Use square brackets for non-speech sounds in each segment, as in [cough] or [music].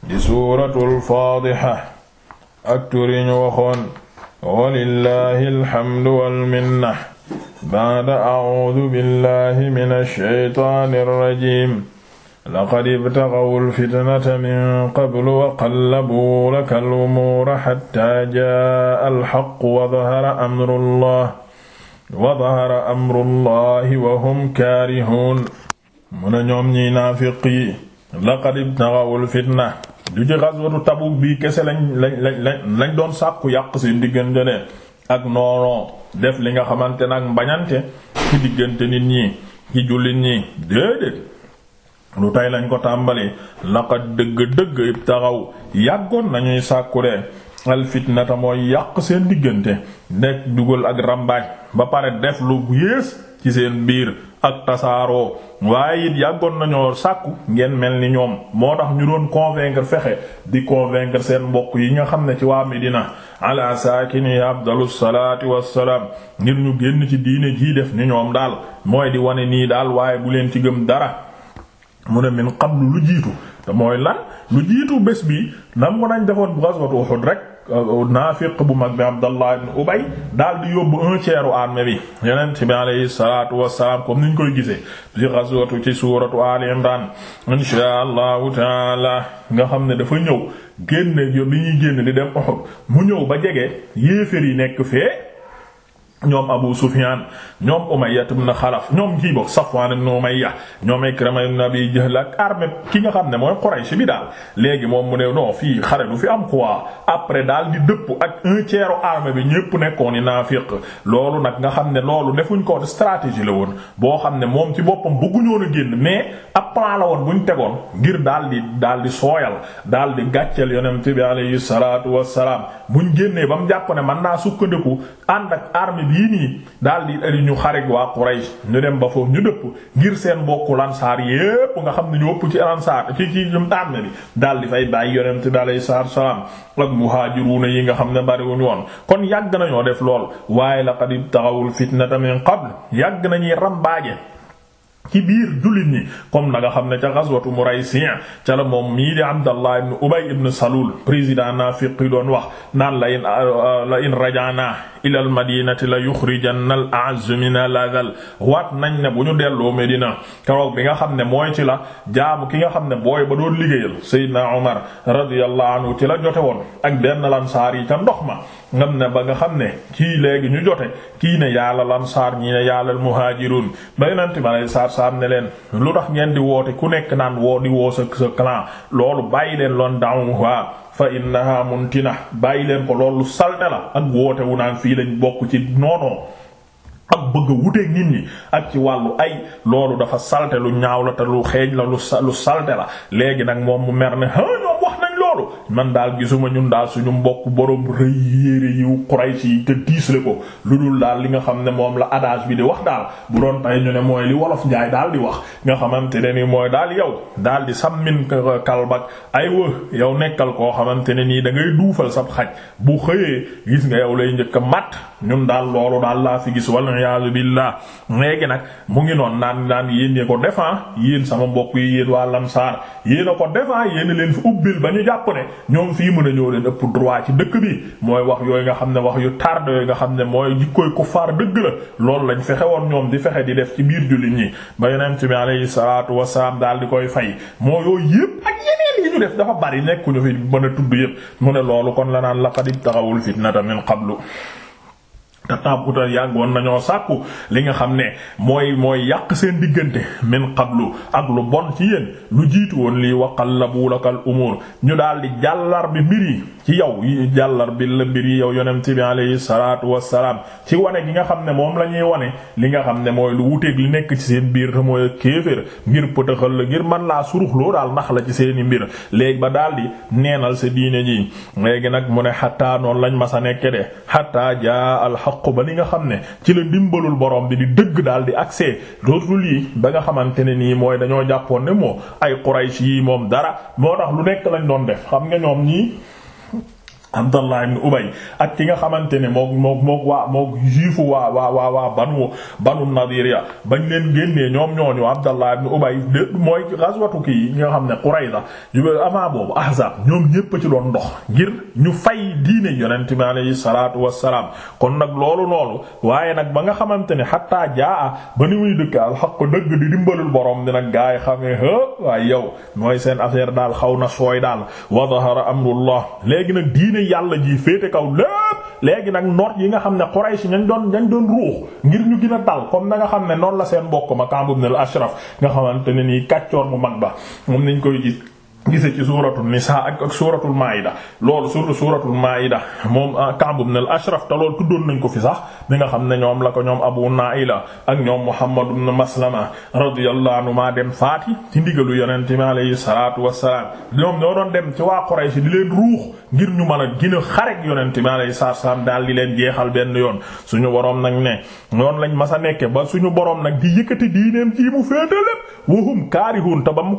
di suuratul faadiha ak tur yi ñu waxoon walillahi alhamdu walminna baada acuudu billahi min alshaytaani alrajim laqad ibtagaw alfitnata min qablu wa qallabuu laka alumuura xatta jaa alxaqu wa dahara amru llah wa dahara amru llahi wa hum kaarihuun mu ne ñoom ñiy naafiq yi laqad ibtagaw alfitna du ci ghazwatu Tabuk bii kese lañ lañ lañ lañ doon sàkku yàq seen diggante ne ak noonoo def li nga xamante nag mbañante ci diggante nit ñi ci jullit ñi déedéet lu tey lañ ko tàmbali laqad dëgg-dëgg ibtaghaw yàggoon nañuy sàkku de alfitnata mooy yàq seen diggante nekk dugal ak rambaaj ba pare def lu yées ci seen biir ak tasaaroo waaye it yàggoon nañoo sàkku ngeen mel ni ñoom moo tax ñu doon convaincre fexe di convaincre seen mbokk yi nga xam ne ci waa mi Medina ala saakini afdalu salaati wassalaam ngir ñu génn ci diine jii def ni ñoom daal mooy di wane nii daal waaye bu leen ci gëm dara mu ne min qablu lu jiitu te mooy lan lu jiitu bés bi nam ko nañ defoon ghazwatu Uhud rek Euh, naafiq bu mag bi Abdallah ibn Ubay daal di yóbbu un tiers u armée bi yonent bi alayhi salaatu wassalaam comme niñ koy gisee ci ghazwatu ci suuratu i Imran insha Allahu taala nga xam ne dafa ñëw génne yo li ñuy di dem Uhud mu ñëw ba jege yéeféer yi nekk fee ñoom Abu Sufyan ñoom Umayya ibn Xalaf ñoom kii bokk Safwan ibn Umayya ñoom Ikrima ibn Abi Jahl ak armée ki nga xam ne mooy Quraysh bi daal léegi moom mu ne non fii xare du fi am quoi après daal di dëpp ak un tiers armée bi ñépp nekkoon ni naafiq loolu nag nga xam ne loolu defuñ ko stratégie la woon boo xam ne moom ci boppam bëgguñoon a génn mais ab la woon buñ tegoon ngir daal di daal di sooyal daal di gàcceel yonent bi alayhi salaatu wassalaam buñ génnee ba mu jàpp ne mën naa sukkandiku ànd bii nii daal di ari ñu xarit waa Quraysh ñu dem ba foofu ñu dëpp ngir seen mbokku lansaar yépp nga xam ne ñu ëpp ci lansaar ci ci ñum daan na bi daal di fay bàyyi yonent bi alayhi salaam ak muhaajiruuna yi nga xam ne bariwuñ woon kon yàgg nañoo def lool waaye laqad ibtaghawul fitnata min qabl yàgg nañuy rambaaje ci biir jullit ñi comme na nga xam ne ca ghazwatu Muraysiya ca la moom mii di Abdallah ibn Ubay ibn Salul président naafiq yi wax naan la in euh, euh, la ilal madinati la yuxrijanna al a'azzu min ne ñu delloo Medina keroog bi nga ne mooy ci la jaamu ki nga xam ne booy ba doon liggéeyal Seydina Omar radiyallahu anhu ci la jote woon ak benn lansaar yi ca ndox ma ngam ne ba nga xam ne kii léegi ñu jote kii ne yàlla lansaar ñii ne yàlla muhaajiruun ba yonent bi alayhi salaatu salaam ne leen lu tax ngeen di woote ku nekk naan woo di woo sa sa clan loolu bàyyi leen loon daaw fa innaha muntina bàyyi leen ko loolu salte la ak woote wu naan fii lañ bokk ci noonoo ak bëgg a wuteeg nit ñi ak ci wàllu ay loolu dafa salte lu ñaaw la te lu xeeñ la lu salte la léegi nag moom mu mer ne man daal gisuma ñun daal suñu mbokk borom rëy yéere yiw Quraysh yi te diis le ko lu dul daal li nga xam ne moom la adage bi di wax daal bu doon tay ñu ne mooy li wolof njaay daal di wax nga xamante ne ni mooy daal yow daal di sàmmin kalbak ay wa yow nekkal koo xamante ne nii da ngay duufal sab xaj bu xëyee gis nga yow lay njëkk a mat ñun daal loolu daal laa fi gis walla iyaazu billaah léegi nag mu ngi noon naan naan yéen yee ko defan yéen sama mbokk yi yéen waa lamsaar yéen a ko defan yéen leen ba ñu jàpp ñoom fii mu ne ñoo leen ëpp droit ci dëkk bi mooy wax yooyu nga xam ne wax yu tard yooyu nga xam ne mooy jikkooy kuffaar dëgg la loolu lañ fexe woon ñoom di fexe di def ci biir jullit ñi ba yonent bi alayhi salaatu wasalaam daal di koy fay moo yooyu yépp ak yeneen yi ñu def dafa bari nekkuñu fi mën a tudd yépp mu ne loolu kon la naan laqad taxawul fitnata min qablu ataab utal yàggoon nañoo sàkku li nga xam ne mooy mooy yàq seen diggante min qablu ak lu bon ci yéen lu jiitu woon lii waqallabu lakal umur ñu daal di jàllar bi mbir yi ci yow jàllar bi la mbir yi yow yonent bi alayhi salaatu wassalaam ci wane gi nga xam ne moom la ñuy wane li nga xam ne mooy lu wuteeg li nekk ci seen biir te mooy ak kéeféer ngir pëtëxal la ngir man laa suruxloo daal nax la ci seeni mbir léegi ba daldi neenal sa diine ji léegi nag mu ne xattaa noonu ma sa nekke de xattaa jaa alxaqu ba li nga xam ne ci la dimbalul borom bi di dëgg daal di accès dootul yi ba nga xamante ne nii mooy dañoo jàppoon ne moo ay Quraysh yi moom dara moo tax lu Abdallah ibn Ubay ak ki nga xamante ne mook mook mook waa mook juifu waa waa waa waa banu banu Nadir ya bañ leen génnee ñoom ñooñu Abdallah ibn Ubay de ki yi kii xam ne Qurayza yu avant boobu Ahzab ñoom ñépp ci doon ndox ngir ñu fay diine yonent bi alayhi salaatu wassalaam kon nag loolu loolu waaye nag ba nga xamante ne xattaa jaa ba nu muy dëkk alxaq dëgg di dimbalul borom di nag gaa yi waaye yow mooy seen affaire daal xaw na sooy daal wa diine yàlla ji féete kaw lépp léegi nag noot yi nga xam ne Quraysh ñañ doon ñañ doon ruux ngir ñu gën a dal comme na nga xam ne noonu la seen mbokk ma Kaab ibn Ashraf nga xamante ne nii kàccoor mu mag ba moom nañ koy gis gise ci suuratul nisaa ak ak suuratul maayida loolu surtout ah, ko fi sax mi nga xam ne ñoom la ko ñoom Abu Naila ak ñoom Muhammad ibn Maslama radiyallahu anhu maa dem faati ci ndigalu yonent mi alayhi salaatu wassalaam ñoom ñoo doon dem ci waa Quraysh di leen ruux ngir ñu mën a gën a xarek yonent mi alayhi salaatu wassalaam daal di leen jeexal benn yoon suñu boroom nag ne noonu lañ mas a nekke ba suñu boroom nag di yëkkati diineem ji mu féete lépp wahum kaarihuun te ba mu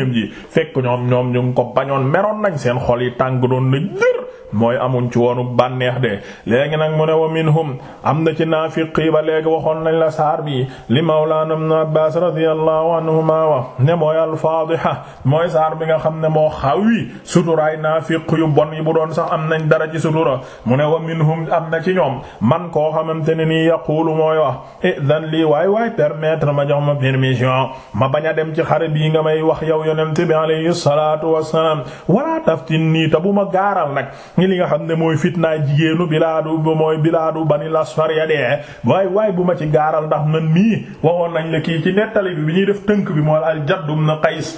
gémmiñam ji fekk ñoom ñoom ñu ko bañoon meroon nañ seen xol yi tàng doon na jër mooy amuñ ci woonu bànneex de léegi nag mu ne wa minhum am na ci naafiqi ba léegi waxoon nañ la saar bi li mawlaana ibn Abbaas radiyallahu anhuma wa ne mooy al-Faadiha mooy saar bi nga xam ne moo xawi suturaay naafiq yu bon yi bu doon sax am nañ dara ci sutura mu ne wa minhum am na ci ñoom man koo xamante ne nii yaquulu mooy wax idan lii waay waay permettre ma jox ma permission ma bañ a dem ci xare bii nga may wax yow yonent bi alayhi salaatu wassalaam wala taftin nii ta bu ma gaaral nag ngi li nga xam ne mooy fitnaay jigéenu bilaadu mooy bilaadu banil asfar ya dee waay waaye bu ma ci gaaral ndax mën mii waxoon nañ la kii ci nettali bi bi ñuy def tënk bi mooy al Jadd ibn Qays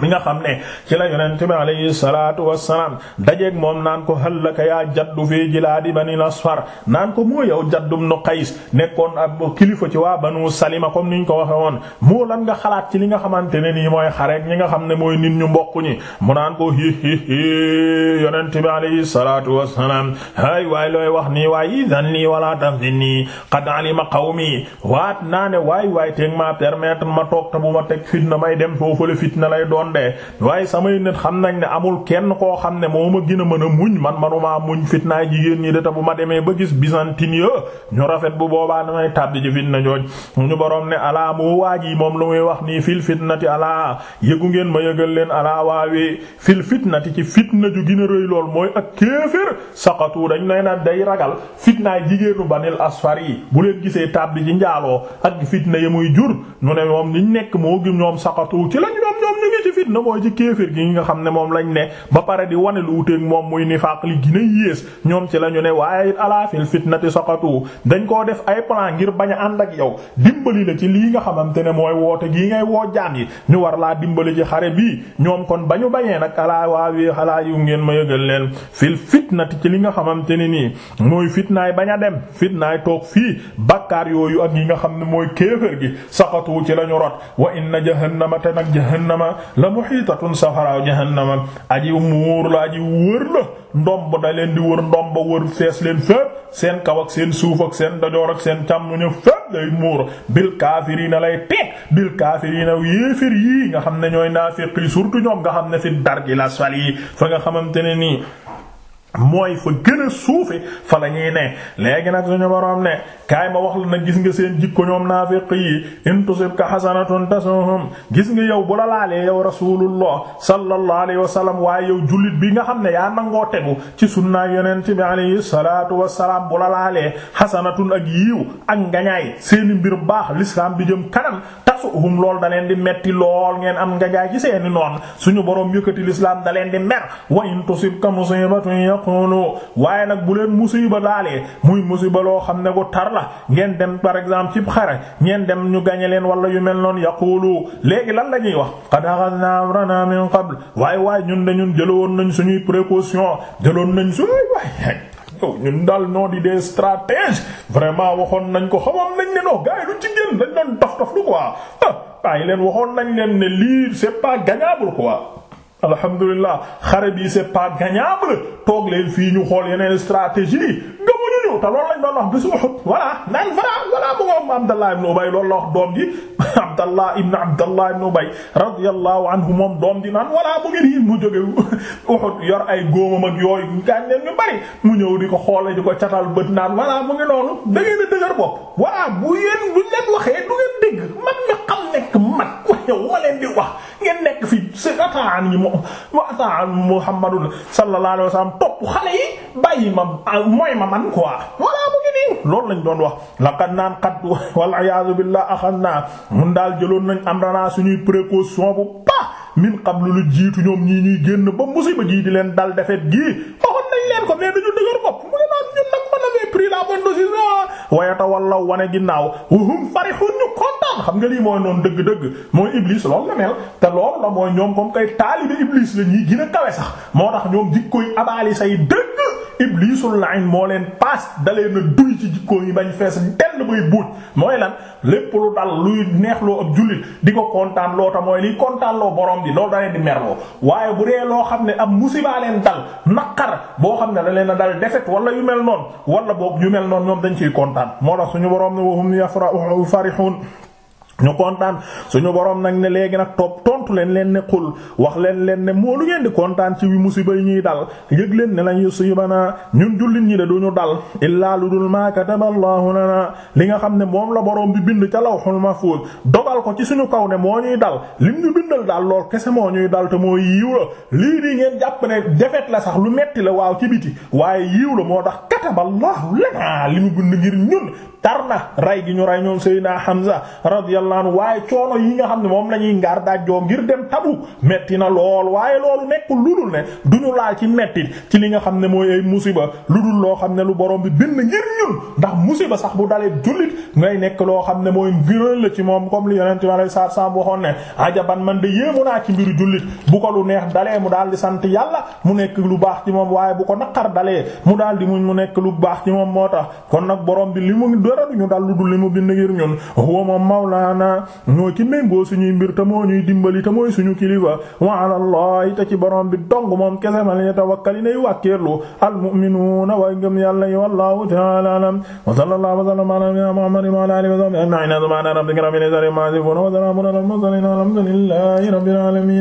mi nga xam ne ci la yonente bi alayhi salaatu wassalaam dajeeg moom naan ko hallaka yaa jaddu fii jilaadi bani asfar naan ko moo yow jaddum nu qays nekkoon ab kilifa ci waa banu ma comme niñ ko waxe woon moo lan nga xalaat ci li nga xamante ne nii mooy xareek ñi nga xam ne mooy nit ñu mbokk ñi mo naan ko hi hi hi yonente bi alayhi salaatu wassalaam hay waay looy wax nii waay idan nii wala taftinii qad ma qawmi waat naa ne waay waay teeg ma permettre ma toog ma teg fitna may dem foofu le fitna man de waaye samay nit xam nañ ne amul kenn koo xam ne moo ma gën a mën a muñ man manuma muñ fitnaay jigéen ñi de bu ma demee ba gis Byzantine yo ñu rafet bu boobaa damay tàbbi ci fitna jooj ñu boroom ne alaa mu waaj yi moom lu muy wax nii fil fitnati alaa yëgu ngeen ma yëgal leen alaa waawee fil fitnati ci fitna ju gën a rëy lool mooy ak kéefër saqatu dañ lay na day ragal fitnaay jigéenu banil asfar yi bu leen gisee tàbbi ci njaaloo ak fitna ya muy jur ñu ne moom liñ nekk moo gi ñoom saqatu ci lañu ci fitna mooy ci kéefir gi nga xam ne moom lañ ne ba pare di wane lu wuteeg moom muy nifaaq li gën a ñoom ci la ñu ne waaye ala fil fitnati saqatu dañ koo def ay plan ngir bañ ànd ak yow dimbali la ci lii nga xamante ne mooy woote gii ngay woo jaam yi ñu war laa dimbali ci xare bii ñoom kon bañu bañee nag alaa waawi xalaa yu ngeen ma yëgal leen fil fitnati ci li nga xamante ne nii mooy fitnaay bañ a dem fitnaay toog fii bakkaar yooyu ak yi nga xam ne mooy kéefër gi saqatu ci lañu rot wa inna jahannama te nag jahannama la muhitatun safaraaw jahannama aji muur la aji wër la ndomb da leen di wër ndomb wër fees leen fépp seen kaw ak seen suuf ak seen dajoor ak seen càmmuñu fépp lay muur bil kaafiriina lay teg bil kaafiriina yéefér yii nga xam ne ñooy naafiq yi surtout ñoom nga xam ne fi darki la sal yi fa nga xamante ne nii mooy fa gën a suufe fa la ñuy ne léegi nag suñu boroom ne kaay ma wax la gis nga seen jikko ñoom naafiq yi in tusibka hasanatun tasuhum gis nga yow bu la laalee yow rasulullah sallallahu alayhi wa sallam waaye yow jullit bi nga xam ne yaa nangoo tegu ci sunnaa yonent bi alayhi salatu wasalaam bu la laalee hasanatun ak yiiw ak ngañaay seeni mbir baax l'islam bi jëm kanam tasuhum lool da leen di metti lool ngeen am ngañaay ci seeni noon suñu boroom yëkkati l'islam da leen taqunu waaye nag bu leen musiba daalee muy musiba loo xam ne bu tar la ngeen dem par exemple ci xare ngeen dem ñu gañe leen wala yu mel noonu yaqulu léegi lan la ñuy wax qad akhadna amrana min qabl waaye waaye ñun de ñun woon nañ suñuy précaution jëloon nañ suñuy waay ñun daal noo di des stratèges vraiment waxoon nañ ko xamoon nañ ne noo gars yi lu ci génn dañ doon dof dof lu quoi ah waaye leen waxoon nañ leen ne lii c'est pas gagnable alhamdulilah xare bii c'est pas gagnable toog leen fii ñu xool yeneen stratégie gëmuñu ñu te loolu lañ doon wax bisu Uhud naan voilà voilà mu nga am Abdallah ibn Ubay loolu la wax doom ji [laughs] Abdallah ibn Abdallah ibn Ubay radiyallahu anhu di naan voilà bu ngeen [laughs] ay góomam ak yooyu gaañ leen ñu bari mu ñëw di ko xoole di ko catal bët naan voilà mu ngi noonu dëgër bopp voilà bu yéen buñ leen waxee du ngeen dégg man mi xam nekk man [laughs] di wax. fii si ataa an yi mo ataa an Muhammadun sallallahu alayhi wa sallam topp xale yi bàyyi ma mooy ma man quoi voilà mu ngi nii loolu lañ doon wax laqad naan xat wal iyaazu billah axadna mun daal jëloon nañ am ranaa suñuy précaution bu baax min qablu lu jiitu ñoom ñii ñuy génn ba musiba jii di leen dal defet gii waxoon nañ leen ko mais duñu dëgër bopp mu ne naan ñun nag mën a pris la bonne décision wayata wallaw wane ginnaaw wahum farihun ñu ko seytaan xam nga lii mooy noonu dëgg-dëgg mooy iblis loolu la mel te loolu la mooy ñoom comme kay taalibe iblis la ñuy gën a kawe sax moo tax ñoom jikkoy abaali say dëgg na lain moo leen paas dalee na duy ci jikko yi bañ fees dell bay buuj mooy lan lépp lu dal luy neexloo ak jullit di ko kontaan loo ta mooy liy kontaan loo borom bi loolu da leen di merloo waaye bu dee loo xam ne ab musibaa leen dal naqar boo xam ne da leen a dal defet wala yu mel noonu wala boog yu mel noonu ñoom dañ ciy kontaan moo tax suñu borom ne wa ñu kontaan suñu borom nag ne léegi nag topp tontu leen leen ne xul wax leen leen ne moo lu ngeen di kontaan ci musiba yi ñuy dal jëg leen ne lañ yusibana ñun jullit ñi de duñu dal illaa lu dul ma kataballahu lana li nga xam ne moom la boroom bi bind ca law lawhul mahfuz dogal ko ci suñu kaw ne moo ñuy dal li ñu bindal daal lool kese moo ñuy dal te moo yiiw lii di ngeen jàpp ne defet la sax lu metti la waaw ci biti waaye yiiw la moo tax kataballahu li mu bind ngir ñun tar na rey gi ñu rey ñoom Seydina Hamza radiyallahu anhu waaye coono yi nga xam ne moom la ñuy ngaar daajjoo ngir dem tabu metti na lool waaye loolu nekk lu dul ne duñu laal ci metti ci li nga xam ne mooy ay musiba lu dul loo xam ne lu borom bi bind ngir ñun ndax musiba sax bu dalee jullit ngay nekk loo xam ne mooy ngëneel la ci moom comme li yonente mi alei satu salaam waxoon ne ajaban man de yéemu naa ci mbiru jullit bu ko lu neex dalee mu daal di sant yàlla mu nekk lu baax ci moom waaye bu ko naqar mu daal di mu nekk lu baax ci moom moo tax dara duñu dal lu dul li mu bind ngir ñun huwa moom mawlaana ñoo ci méngoo suñuy mbir te moo ñuy dimbali te mooy suñu kilifa wa ala allah te ci borom bi dong moom kese ma lañu tawakkali nay wàkkeerlu al mu'minuuna way ngëm yàlla yi wallahu ta'ala alam wa sallallahu wa sallama ala muhammadin wa ala alihi wa sahbihi ajma'in subhana rabbika rabbil izzati amma yasifun wa salamun ala al mursalin walhamdulillahi rabbil alamin